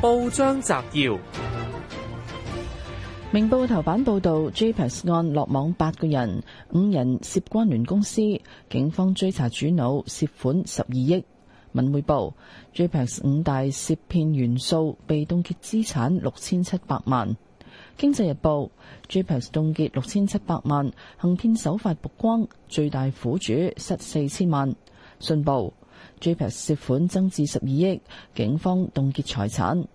報章摘要：明報頭版報道 JPEX 案落網八個人，五人涉關聯公司，警方追查主腦，涉款十二億。文匯報 JPEX 五大涉騙元素被凍結資產六千七百萬。經濟日報 JPEX 凍結六千七百萬，行騙手法曝光，最大苦主失四千萬。信報 JPEX 涉款增至十二億，警方凍結財產。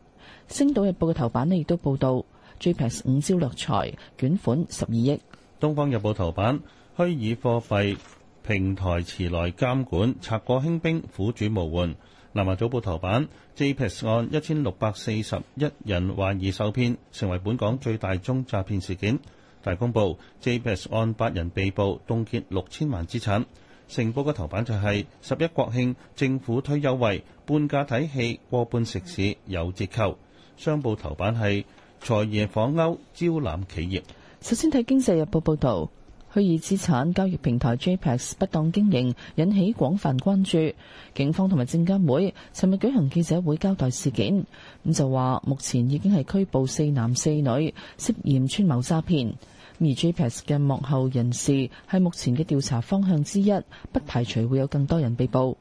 星島日報嘅頭版咧，亦都報道 J.P.S. 五招落財，捲款十二億。東方日報頭版，虛擬貨幣平台遲來監管，賊過興兵苦主無援。南華早報頭版，J.P.S. 案一千六百四十一人懷疑受騙，成為本港最大宗詐騙事件。大公報 J.P.S. 案八人被捕，凍結六千萬資產。成報嘅頭版就係十一國慶，政府推優惠，半價睇戲，過半食肆，有折扣。商報頭版係財爺訪歐招攬企業。首先睇經濟日報報道，虛擬資產交易平台 JPEX 不當經營引起廣泛關注。警方同埋證監會尋日舉行記者會交代事件，咁就話目前已經係拘捕四男四女，涉嫌串謀詐騙。而 JPEX 嘅幕後人士係目前嘅調查方向之一，不排除會有更多人被捕。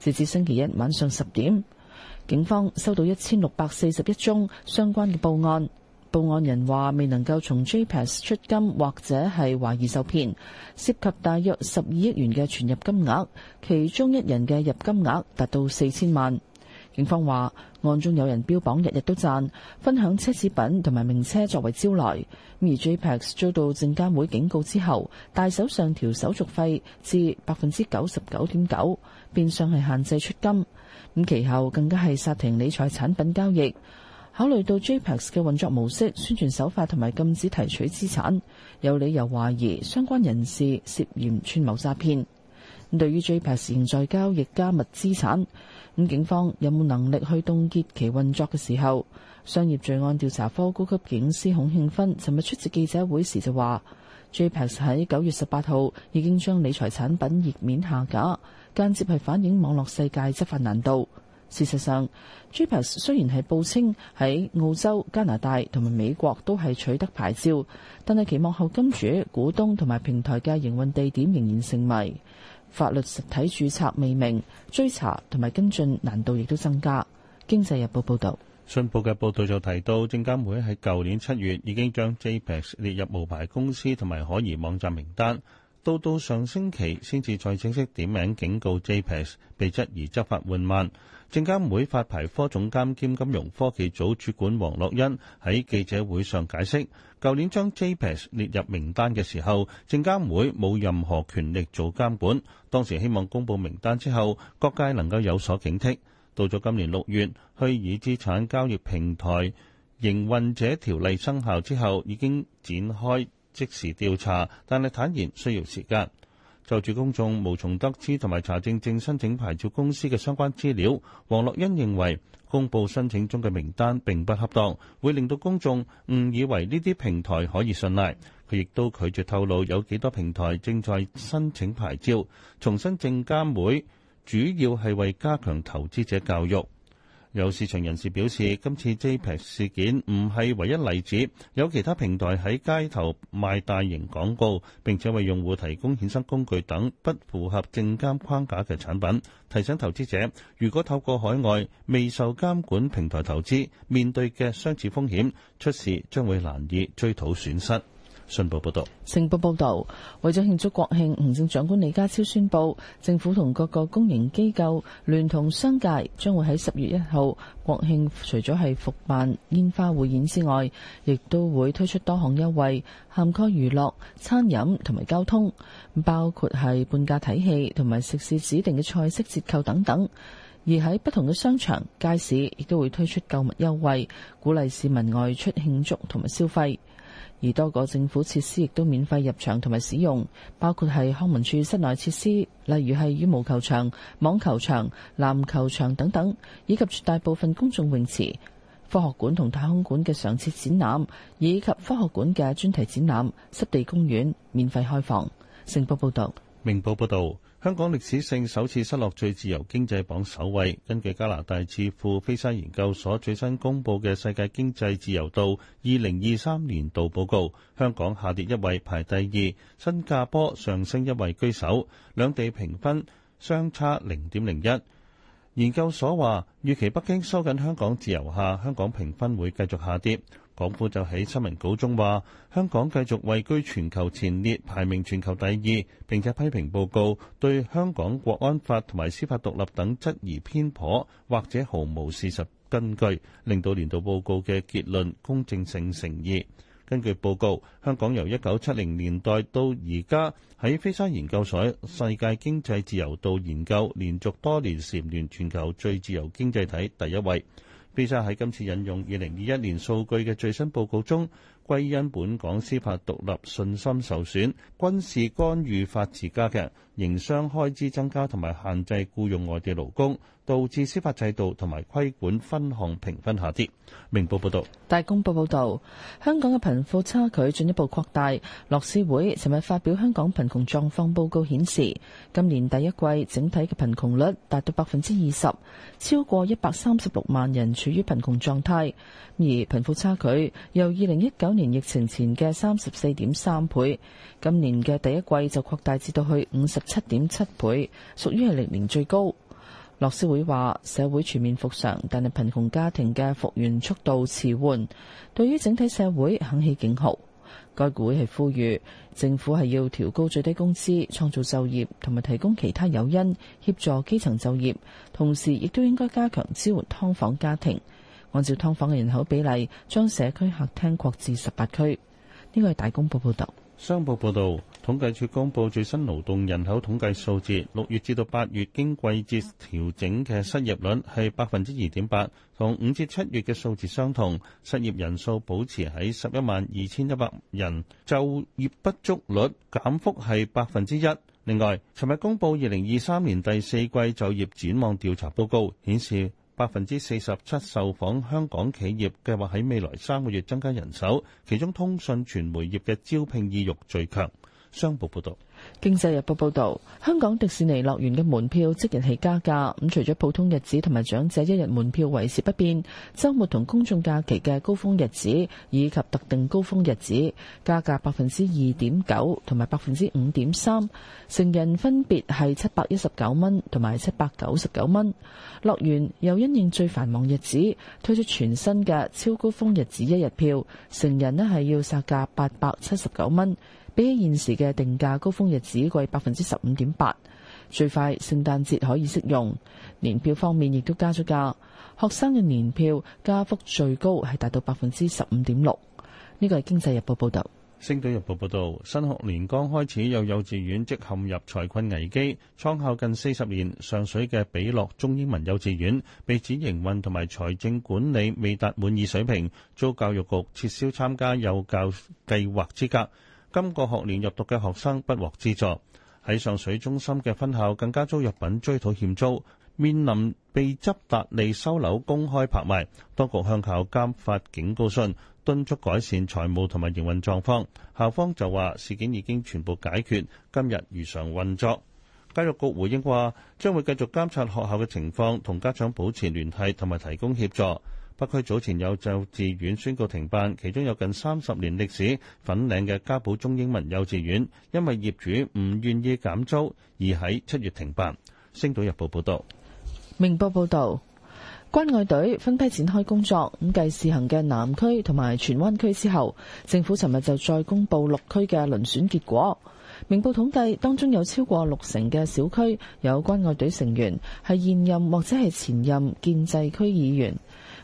截至星期一晚上十點，警方收到一千六百四十一宗相關嘅報案，報案人話未能夠從 JPEX 出金，或者係懷疑受騙，涉及大約十二億元嘅存入金額，其中一人嘅入金額達到四千萬。警方話。案中有人標榜日日都賺，分享奢侈品同埋名車作為招來。而 JPEX 遭到證監會警告之後，大手上調手續費至百分之九十九點九，變相係限制出金。咁其後更加係煞停理財產品交易。考慮到 JPEX 嘅運作模式、宣傳手法同埋禁止提取資產，有理由懷疑相關人士涉嫌串謀詐騙。對於 JPEX 仍在交易加密資產，咁警方有冇能力去凍結其運作嘅時候，商業罪案調查科高級警司孔慶芬尋日出席記者會時就話：JPEX 喺九月十八號已經將理財產品頁面下架，間接係反映網絡世界執法難度。事實上，JPEX 雖然係報稱喺澳洲、加拿大同埋美國都係取得牌照，但係其幕後金主、股東同埋平台嘅營運地點仍然成謎。法律實體註冊未明，追查同埋跟進難度亦都增加。經濟日報報導，信報嘅報導就提到，證監會喺舊年七月已經將 JPEX 列入無牌公司同埋可疑網站名單。到到上星期先至再正式點名警告 JPS，被質疑執法緩慢。證監會發牌科總監兼金融科技組主管黃樂欣喺記者會上解釋，舊年將 JPS 列入名單嘅時候，證監會冇任何權力做監管，當時希望公佈名單之後，各界能夠有所警惕。到咗今年六月虛擬資產交易平台營運者條例生效之後已經展開。即時調查，但係坦言需要時間。就住公眾無從得知同埋查證正申請牌照公司嘅相關資料，黃樂欣認為公佈申請中嘅名單並不恰當，會令到公眾誤以為呢啲平台可以信賴。佢亦都拒絕透露有幾多平台正在申請牌照。重申證監會主要係為加強投資者教育。有市場人士表示，今次 JPEX 事件唔係唯一例子，有其他平台喺街頭賣大型廣告，並且為用戶提供衍生工具等不符合證監框架嘅產品。提醒投資者，如果透過海外未受監管平台投資，面對嘅相似風險出事，將會難以追討損失。信報報道：「信報報道，為咗慶祝國慶，行政長官李家超宣布，政府同各個公營機構聯同商界，將會喺十月一號國慶，除咗係復辦煙花匯演之外，亦都會推出多項優惠，涵蓋娛樂、餐飲同埋交通，包括係半價睇戲同埋食肆指定嘅菜式折扣等等。而喺不同嘅商場、街市，亦都會推出購物優惠，鼓勵市民外出慶祝同埋消費。而多個政府設施亦都免費入場同埋使用，包括係康文署室內設施，例如係羽毛球場、網球場、籃球場等等，以及絕大部分公眾泳池、科學館同太空館嘅常設展覽，以及科學館嘅專題展覽、濕地公園免費開放。成報報道。明報報道。香港歷史性首次失落最自由經濟榜首位，根據加拿大智庫菲沙研究所最新公佈嘅《世界經濟自由度二零二三年度報告》，香港下跌一位排第二，新加坡上升一位居首，兩地評分相差零點零一。研究所話預期北京收緊香港自由下，香港評分會繼續下跌。港府就喺新聞稿中話，香港繼續位居全球前列，排名全球第二。並且批評報告對香港國安法同埋司法獨立等質疑偏頗，或者毫無事實根據，令到年度報告嘅結論公正性成疑。根據報告，香港由一九七零年代到而家喺菲沙研究所世界經濟自由度研究連續多年蟬聯全球最自由經濟體第一位。B 沙喺今次引用二零二一年數據嘅最新報告中，歸因本港司法獨立信心受損、軍事干預法治加劇、營商開支增加同埋限制僱用外地勞工。導致司法制度同埋規管分項評分下跌。明報報道，大公報報道，香港嘅貧富差距進一步擴大。樂施會尋日發表香港貧窮狀況報告顯示，今年第一季整體嘅貧窮率達到百分之二十，超過一百三十六萬人處於貧窮狀態。而貧富差距由二零一九年疫情前嘅三十四點三倍，今年嘅第一季就擴大至到去五十七點七倍，屬於係歷年最高。樂施會話：社會全面復常，但係貧窮家庭嘅復原速度遲緩，對於整體社會肯起警號。該會係呼籲政府係要調高最低工資，創造就業，同埋提供其他誘因協助基層就業，同時亦都應該加強支援劏房家庭。按照劏房嘅人口比例，將社區客廳擴至十八區。呢個係大公報報道。商報報導統計處公佈最新勞動人口統計數字，六月至到八月經季節調整嘅失業率係百分之二點八，同五至七月嘅數字相同。失業人數保持喺十一萬二千一百人，就業不足率減幅係百分之一。另外，尋日公佈二零二三年第四季就業展望調查報告顯示，百分之四十七受訪香港企業計劃喺未來三個月增加人手，其中通訊傳媒業嘅招聘意欲最強。商報報道。經濟日報報道，香港迪士尼樂園嘅門票即日起加價，咁除咗普通日子同埋長者一日門票維持不變，周末同公眾假期嘅高峰日子以及特定高峰日子加價百分之二點九同埋百分之五點三，成人分別係七百一十九蚊同埋七百九十九蚊。樂園又因應最繁忙日子推出全新嘅超高峰日子一日票，成人呢係要殺價八百七十九蚊。比起現時嘅定價，高峰日子貴百分之十五點八，最快聖誕節可以適用。年票方面亦都加咗價，學生嘅年票加幅最高係達到百分之十五點六。呢個係經濟日報報導。星島日報報導，新學年剛開始，有幼稚園即陷入財困危機。創校近四十年，上水嘅比樂中英文幼稚園被指營運同埋財政管理未達滿意水平，遭教育局撤銷參加幼教計劃資格。今個學年入讀嘅學生不獲資助，喺上水中心嘅分校更加租用品追討欠租，面臨被執達利收樓公開拍賣。當局向校監發警告信，敦促改善財務同埋營運狀況。校方就話事件已經全部解決，今日如常運作。教育局回應話，將會繼續監察學校嘅情況，同家長保持聯繫，同埋提供協助。北區早前有幼稚園宣告停辦，其中有近三十年歷史粉嶺嘅嘉寶中英文幼稚園，因為業主唔願意減租而喺七月停辦。星島日報報道，明報報道，關愛隊分批展開工作，咁繼試行嘅南區同埋荃灣區之後，政府尋日就再公布六區嘅輪選結果。明報統計當中有超過六成嘅小區有關愛隊成員係現任或者係前任建制區議員。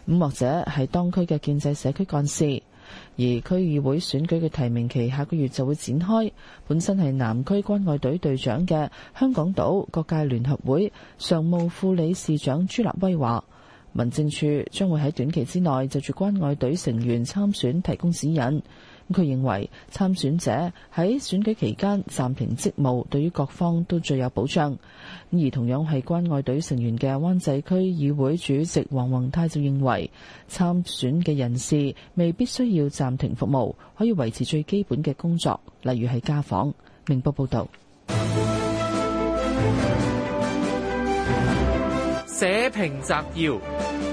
咁或者係當區嘅建制社區幹事，而區議會選舉嘅提名期下個月就會展開，本身係南區關愛隊隊長嘅香港島各界聯合會常務副理事長朱立威話，民政處將會喺短期之內就住關愛隊成員參選提供指引。佢認為參選者喺選舉期間暫停職務，對於各方都最有保障。而同樣係關愛隊成員嘅灣仔區議會主席黃宏泰就認為，參選嘅人士未必需要暫停服務，可以維持最基本嘅工作，例如係家訪。明報報道。社評摘要。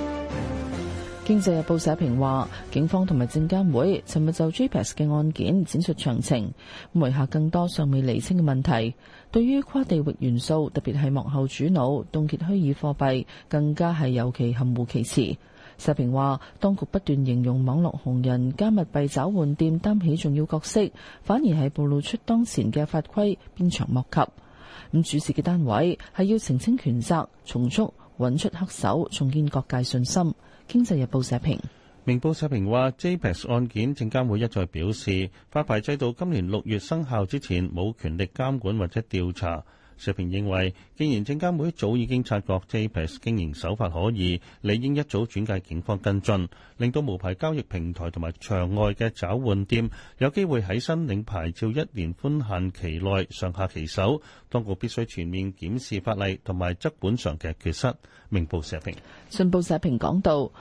經濟日報社評話，警方同埋證監會尋日就 JPEX 嘅案件展述詳情，埋下更多尚未釐清嘅問題。對於跨地域元素，特別係幕後主腦凍結虛擬貨幣，更加係尤其含糊其詞。社評話，當局不斷形容網絡紅人加密幣找換店擔起重要角色，反而係暴露出當前嘅法規鞭長莫及。咁主持嘅單位係要澄清權責重疊。揾出黑手，重建各界信心。經濟日報社評，明報社評話 JPEX 案件，證監會一再表示，發牌制度今年六月生效之前，冇權力監管或者調查。社評認為，既然證監會早已經察覺 JPEX 經營手法可疑，理應一早轉介警方跟進，令到無牌交易平台同埋場外嘅找換店有機會喺申領牌照一年寬限期內上下其手。當局必須全面檢視法例同埋質本上嘅缺失。明報社評，信報社評講到……」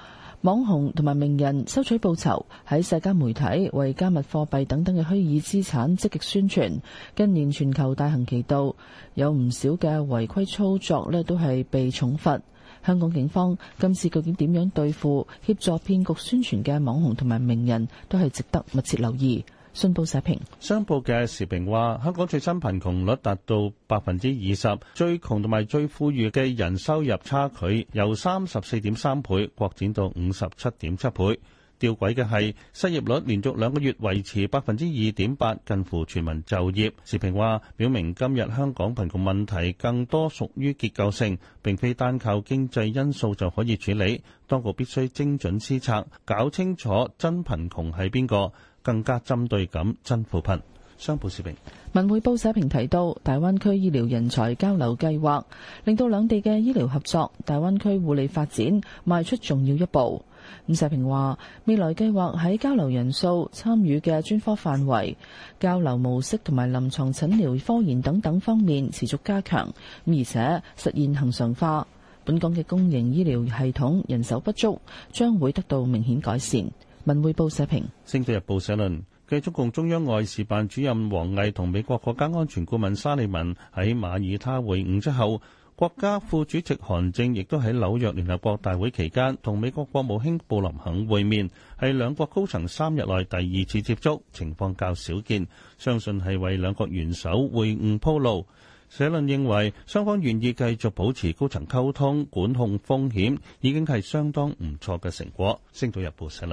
網紅同埋名人收取報酬，喺社交媒體為加密貨幣等等嘅虛擬資產積極宣傳。近年全球大行其道，有唔少嘅違規操作咧，都係被重罰。香港警方今次究竟點樣對付協助騙局宣傳嘅網紅同埋名人都係值得密切留意。信報社評：商報嘅時評話：香港最新貧窮率達到百分之二十，最窮同埋最富裕嘅人收入差距由三十四點三倍擴展到五十七點七倍。吊詭嘅係失業率連續兩個月維持百分之二點八，近乎全民就業。時評話，表明今日香港貧窮問題更多屬於結構性，並非單靠經濟因素就可以處理。當局必須精準施策，搞清楚真貧窮係邊個。更加針對咁真扶貧。商報社評，文匯報社評提到，大灣區醫療人才交流計劃令到兩地嘅醫療合作、大灣區護理發展，邁出重要一步。咁社評話，未來計劃喺交流人數、參與嘅專科範圍、交流模式同埋臨床診療、科研等等方面持續加強，而且實現恒常化。本港嘅公營醫療系統人手不足，將會得到明顯改善。文匯報社評，《星島日報》社論：繼中共中央外事辦主任王毅同美國國家安全顧問沙利文喺馬耳他會晤之後，國家副主席韓正亦都喺紐約聯合國大會期間同美國國務卿布林肯會面，係兩國高層三日內第二次接觸，情況較少見，相信係為兩國元首會晤鋪路。社論認為，雙方願意繼續保持高層溝通，管控風險，已經係相當唔錯嘅成果。《星島日報》社論。